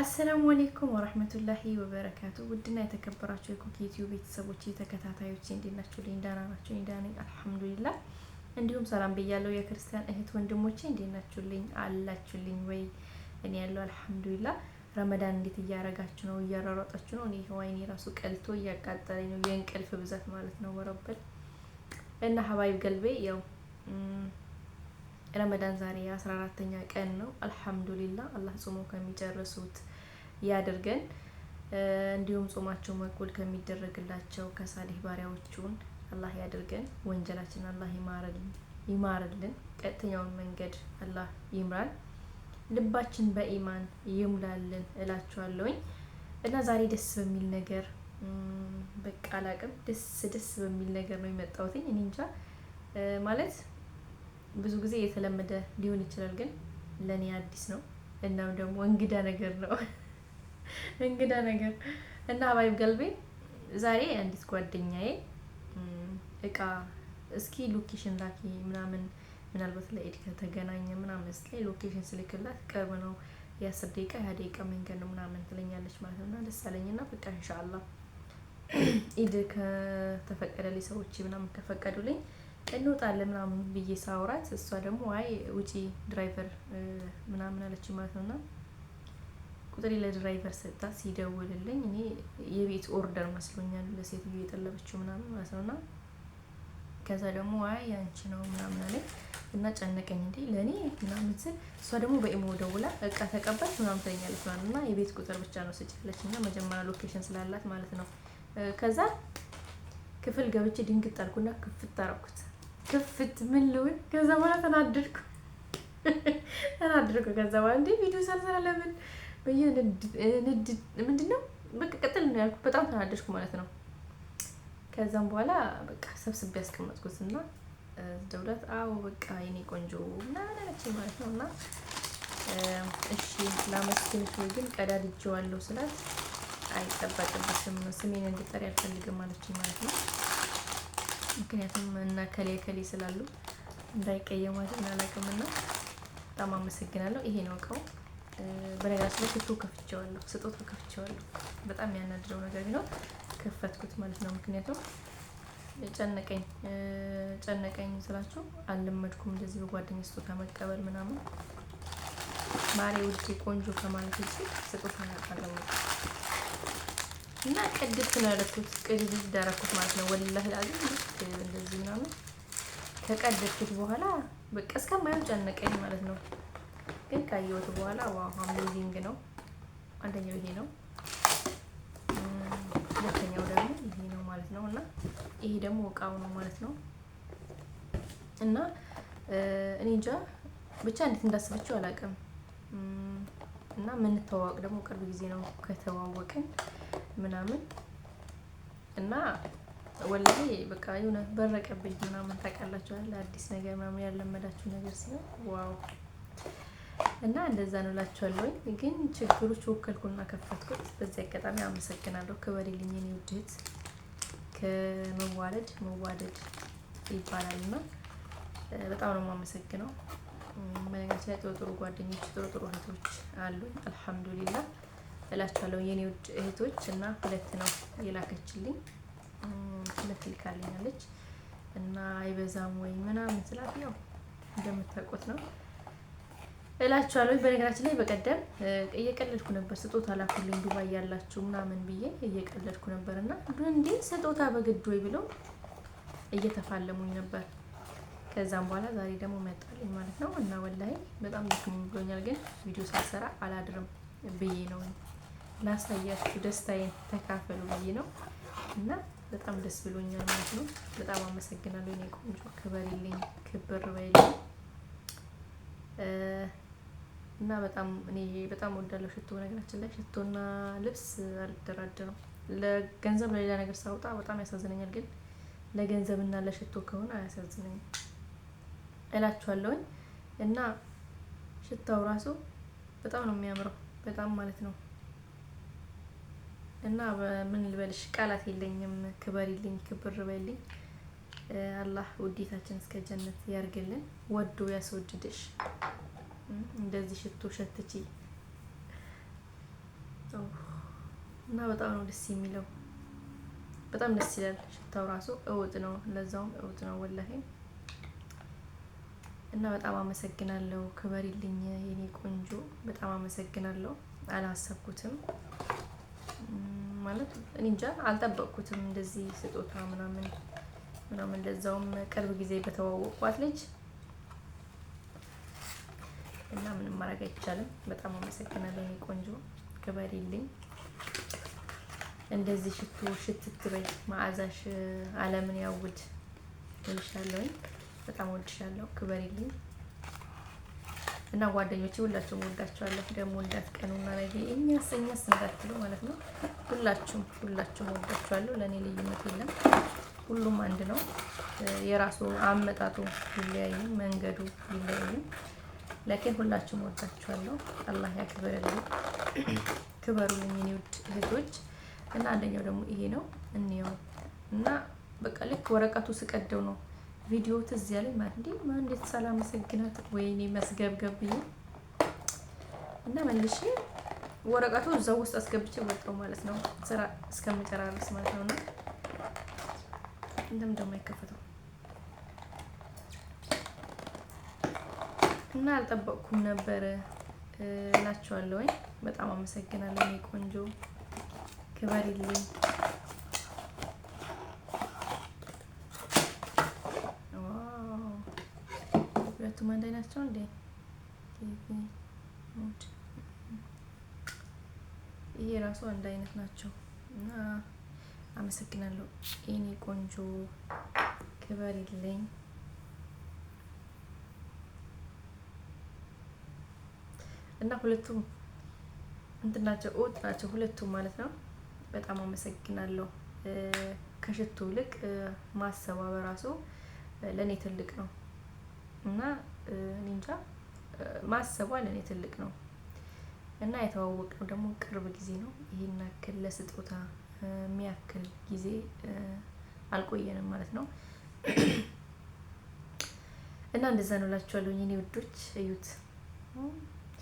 አሰላሙ አሌይኩም ወረህመቱላሂ ወበረካቱ ውድና የተከበራቸው የኮክ ዩቲዩብ ቤተሰቦች ተከታታዮች እንዴት ናችሁ? ደህና ናችሁ? ደህና ነኝ አልሐምዱሊላህ። እንዲሁም ሰላም ብያለሁ የክርስቲያን እህት ወንድሞቼ እንዴት ናችሁልኝ? አላችሁልኝ ወይ? እኔ ያለው አልሐምዱሊላህ። ረመዳን እንዴት እያረጋችሁ ነው? እያሯሯጣችሁ ነው? እኔ ወይኔ ራሱ ቀልቶ እያቃጠለኝ ነው፣ የእንቅልፍ ብዛት ማለት ነው። ወረበል እና ሀባይብ ገልቤ ያው ረመዳን ዛሬ የአስራ አራተኛ ቀን ነው። አልሐምዱሊላ አላህ ጾሞ ከሚጨርሱት ያድርገን። እንዲሁም ጾማቸው መቁል ከሚደረግላቸው ከሳሊህ ባሪያዎቹን አላህ ያድርገን። ወንጀላችን አላህ ይማርልን፣ ቀጥተኛውን መንገድ አላህ ይምራል፣ ልባችን በኢማን ይሙላልን እላችኋለሁኝ እና ዛሬ ደስ በሚል ነገር በቃ አላቅም፣ ደስ ደስ በሚል ነገር ነው የመጣሁትኝ እኔ እንጃ ማለት ብዙ ጊዜ የተለመደ ሊሆን ይችላል፣ ግን ለእኔ አዲስ ነው። እናም ደግሞ እንግዳ ነገር ነው እንግዳ ነገር እና ሀባይብ ገልቤ ዛሬ አንዲት ጓደኛዬ እቃ እስኪ ሎኬሽን ላኪ ምናምን ምናልባት ለኢድ ከተገናኘ ምናምን ስትለኝ ሎኬሽን ስልክላት ቅርብ ነው የአስር ደቂቃ ያ ደቂቃ መንገድ ነው ምናምን ትለኛለች ማለት ነው። እና ደስ ና በቃ ኢንሻአላህ ኢድ ከተፈቀደልኝ ሰዎች ምናምን ከፈቀዱልኝ እንወጣለን ምናምን ብዬ ሳውራት እሷ ደግሞ አይ ውጪ ድራይቨር ምናምን አለች ማለት ነው። እና ቁጥሬ ለድራይቨር ሰጣ። ሲደውልልኝ እኔ የቤት ኦርደር መስሎኛል ለሴትዮ የጠለበችው ምናምን ማለት ነው። እና ከዛ ደግሞ አይ አንቺ ነው ምናምን አለኝ እና ጨነቀኝ። እንዴ ለእኔ ምናምን ስል እሷ ደግሞ በኢሞ ደውላ እቃ ተቀባች ምናምን ትለኛለች ማለት እና የቤት ቁጥር ብቻ ነው ስጭለች እና መጀመሪያ ሎኬሽን ስላላት ማለት ነው። ከዛ ክፍል ገብቼ ድንግጥ አልኩና ክፍት አደረኩት። ክፍት ምን ልውን ከዛ በኋላ ተናደድኩ ተናደድኩ። ከዛ በኋላ እንዴ ቪዲዮ ሳልሰራ ለምን በየ ምንድን ነው በቃ ቅጥል ነው ያልኩት። በጣም ተናደድኩ ማለት ነው። ከዛም በኋላ በቃ ሰብስቤ ያስቀመጥኩት እና ደውላት አዎ በቃ የኔ ቆንጆ ምናምን አለችኝ ማለት ነው። እና እሺ ላመስግንሽ ወይ ግን ቀዳድጄዋለሁ ስላት አይጠበቅብሽም ስሜን እንድጠሪ አልፈልግም አለችኝ ማለት ነው። ምክንያቱም እና ከሌ ከሌ ስላሉ እንዳይቀየማትን አላውቅምና በጣም አመሰግናለሁ። ይሄ ነው እቃው። በነገራችን ላይ ሽቶ ከፍቼዋለሁ፣ ስጦታ ከፍቼዋለሁ። በጣም ያናድረው ነገር ቢኖር ከፈትኩት ማለት ነው። ምክንያቱም ጨነቀኝ ጨነቀኝ ስላችሁ አልለመድኩም እንደዚህ በጓደኛ ስጦታ መቀበል ምናምን ማሬ ውድ ቆንጆ ከማለት ውጭ ስጦታ ያቀረቡ እና ቅድስት ነው ያደረኩት። ቅድስት ዳረኩት ማለት ነው። ወላሂ ላዚም እንደዚህ ምናምን ከቀደድኩት በኋላ በቃ እስከማየው ጨነቀኝ ማለት ነው። ግን ካየሁት በኋላ ዋው አሜዚንግ ነው። አንደኛው ይሄ ነው፣ ሁለተኛው ደግሞ ይሄ ነው ማለት ነው። እና ይሄ ደግሞ እቃው ነው ማለት ነው። እና እኔ እንጃ ብቻ እንዴት እንዳስበችው አላውቅም። እና የምንተዋወቅ ደግሞ ቅርብ ጊዜ ነው ከተዋወቅን ምናምን እና ወላሂ በቃ የሆነ በረቀብኝ ምናምን ታውቃላችኋል። አዲስ ነገር ምናምን ያለመዳችሁ ነገር ሲሆን ዋው እና እንደዛ ነው እላችኋለሁኝ። ግን ችግሩ ወከልኩና ከፈትኩት። በዚህ አጋጣሚ አመሰግናለሁ። ክበሬልኝ የኔ ውድ እህት። ከመዋለድ መዋደድ ይባላል እና በጣም ነው የማመሰግነው። በነገራችን ላይ ጥሩ ጥሩ ጓደኞች ጥሩ ጥሩ እህቶች አሉኝ አልሐምዱሊላህ እላችኋለሁ የኔ ውድ እህቶች እና ሁለት ነው የላከችልኝ። ሁለት ልካልኛለች እና አይበዛም ወይ ምናምን ስላት ያው እንደምታውቁት ነው እላችኋለሁ። በነገራችን ላይ በቀደም እየቀለድኩ ነበር፣ ስጦታ ላኩልኝ ዱባይ ያላችሁ ምናምን ብዬ እየቀለድኩ ነበር እና እንዴ ስጦታ በግድ ወይ ብለው እየተፋለሙኝ ነበር። ከዛም በኋላ ዛሬ ደግሞ መጣልኝ ማለት ነው እና ወላሂ በጣም ደስ ብሎኛል፣ ግን ቪዲዮ ሳልሰራ አላድርም ብዬ ነው ላሳያችሁ ደስታዬን ተካፈሉ ብዬ ነው እና በጣም ደስ ብሎኛል ማለት ነው። በጣም አመሰግናለሁ የኔ ቆንጆ፣ ክበሪልኝ፣ ክብር በይልኝ እና በጣም እኔ በጣም ወዳለው ሽቶ ነገራችን ላይ ሽቶና ልብስ ነው። ለገንዘብ ለሌላ ነገር ሳውጣ በጣም ያሳዝነኛል፣ ግን ለገንዘብና ለሽቶ ከሆነ አያሳዝነኝም እላችኋለሁኝ እና ሽታው ራሱ በጣም ነው የሚያምረው፣ በጣም ማለት ነው። እና ምን ልበልሽ ቃላት የለኝም። ክበሪልኝ፣ ክብር በልኝ። አላህ ውዴታችን እስከ ጀነት ያርግልን፣ ወዶ ያስወድድሽ። እንደዚህ ሽቶ ሸትቺ እና በጣም ነው ደስ የሚለው። በጣም ደስ ይላል ሽታው ራሱ እውጥ ነው፣ ለዛውም እውጥ ነው ወላሂ። እና በጣም አመሰግናለሁ። ክበሪልኝ የኔ ቆንጆ፣ በጣም አመሰግናለሁ። አላሰብኩትም። ማለት እኔ እንጃ አልጠበቅኩትም፣ እንደዚህ ስጦታ ምናምን ምናምን። ለዛውም ቅርብ ጊዜ በተዋወቅኳት ልጅ እና ምንም ማድረግ አይቻልም። በጣም አመሰግናለሁ የእኔ ቆንጆ፣ ክበሪልኝ። እንደዚህ ሽቶ ሽትት በይ፣ መዓዛሽ ዓለምን ያውድ። እልሻለሁኝ፣ በጣም ወድሻለሁ፣ ክበሪልኝ። እና ጓደኞቼ ሁላችሁም ወዳችኋለሁ። ደግሞ እንዳትቀኑና ነገ እኛስ እኛስ እንዳትሉ ማለት ነው። ሁላችሁም ሁላችሁም ወዳችኋለሁ። ለእኔ ልዩነት የለም። ሁሉም አንድ ነው። የራሱ አመጣጡ ቢለያይም መንገዱ ቢለያይም ላኪን ሁላችሁም ወዳችኋለሁ። አላህ ያክብርልኝ። ክበሩልኝ የኔ ውድ እህቶች እና አንደኛው ደግሞ ይሄ ነው እንየው እና በቃ ልክ ወረቀቱ ስቀደው ነው ቪዲዮ ትዝ ያለኝ ማንዴ እንዴት ሰላም መሰግናት ወይኔ መስገብገብ ብዬ እና መልሼ ወረቀቱ እዛው ውስጥ አስገብቼ ወጣው ማለት ነው። ስራ እስከምጨራርስ ማለት ነው። እና እንደም ደግሞ አይከፈተው እና አልጠበቅኩም ነበር እላችኋለሁ። በጣም አመሰግናለሁ። ቆንጆ ክበሪልኝ። ሁለቱም አንድ አይናቸው እንዴ? ይሄ ራሱ አንድ አይነት ናቸው እና አመሰግናለሁ። የኔ ቆንጆ ክበር የለኝ እና ሁለቱም እንትን ናቸው እውጥ ናቸው ሁለቱም ማለት ነው። በጣም አመሰግናለሁ። ከሽቱ ይልቅ ማሰባ በራሱ ለእኔ ትልቅ ነው እና እንጃ ማሰቧ ለእኔ ትልቅ ነው እና የተዋወቅነው ደግሞ ቅርብ ጊዜ ነው። ይህን ያክል ለስጦታ የሚያክል ጊዜ አልቆየንም ማለት ነው። እና እንደዛ ነው እላችኋለሁ የኔ ውዶች። እዩት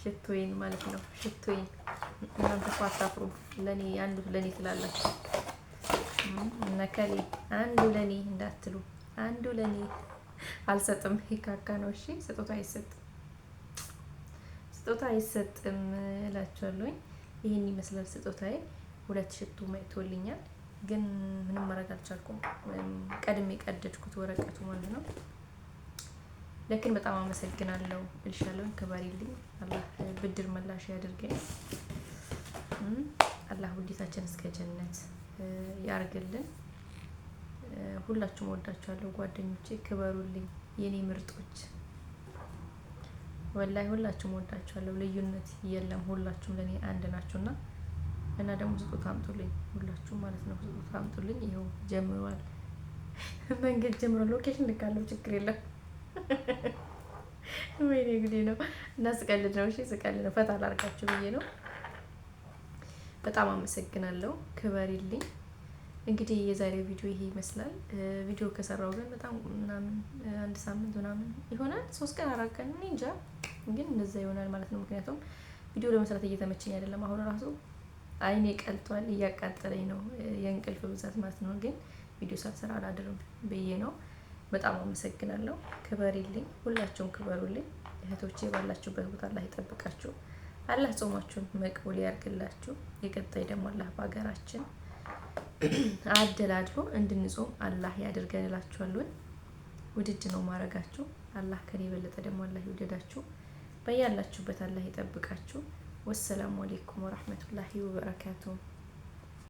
ሽቶዬን ማለት ነው ሽቶዬን። እናንተ እኮ አታፍሩ ለእኔ አንዱ ለእኔ ትላላችሁ እነ አንዱ ለእኔ እንዳትሉ አንዱ ለእኔ አልሰጥም። ሂካካ ነው። እሺ ስጦታ አይሰጥም፣ ስጦታ አይሰጥም እላቸዋለሁኝ። ይህን ይመስላል ስጦታዬ። ሁለት ሽቱ መጥቶልኛል፣ ግን ምንም ማድረግ አልቻልኩም። ቀድሜ ቀደድኩት ወረቀቱ ማለት ነው። ለክን በጣም አመሰግናለሁ እልሻለሁ። ክበሪልኝ። አላህ ብድር መላሽ ያድርገኝ። አላህ ውዴታችን እስከ ጀነት ያርግልን። ሁላችሁም ወዳችኋለሁ ጓደኞቼ፣ ክበሩልኝ የኔ ምርጦች። ወላይ ሁላችሁም ወዳችኋለሁ። ልዩነት የለም። ሁላችሁም ለእኔ አንድ ናችሁና እና ደግሞ ስጦታ አምጡልኝ ሁላችሁም ማለት ነው። ስጦታ አምጡልኝ። ይኸው ጀምሯል፣ መንገድ ጀምሯል። ሎኬሽን ልካለው፣ ችግር የለም። ወይኔ ጉዴ ነው። እና ስቀልድ ነው። እሺ ስቀልድ ነው። ፈታ ላርጋችሁ ብዬ ነው። በጣም አመሰግናለሁ። ክበሪልኝ። እንግዲህ የዛሬው ቪዲዮ ይሄ ይመስላል። ቪዲዮ ከሰራው ግን በጣም ምናምን አንድ ሳምንት ምናምን ይሆናል፣ ሶስት ቀን አራት ቀን እኔ እንጃ፣ ግን እንደዛ ይሆናል ማለት ነው። ምክንያቱም ቪዲዮ ለመስራት እየተመቸኝ አይደለም። አሁን ራሱ አይኔ ቀልቷል፣ እያቃጠለኝ ነው የእንቅልፍ ብዛት ማለት ነው። ግን ቪዲዮ ሳልሰራ አላድርም ብዬ ነው። በጣም አመሰግናለሁ። ክበሪልኝ፣ ሁላችሁም ክበሩልኝ እህቶቼ። ባላችሁበት ቦታ አላህ ይጠብቃችሁ፣ አላህ ጾማችሁን መቅቡል ያርግላችሁ። የቀጣይ ደግሞ አላህ በሀገራችን አደላድሎ እንድንጾም አላህ ያድርገን እላችኋለሁ። ውድድ ነው ማረጋችሁ። አላህ ከኔ የበለጠ ደግሞ አላህ ይውደዳችሁ። በያላችሁበት አላህ ይጠብቃችሁ። ወሰላሙ አሌይኩም ወረህመቱላሂ ወበረካቱሁ።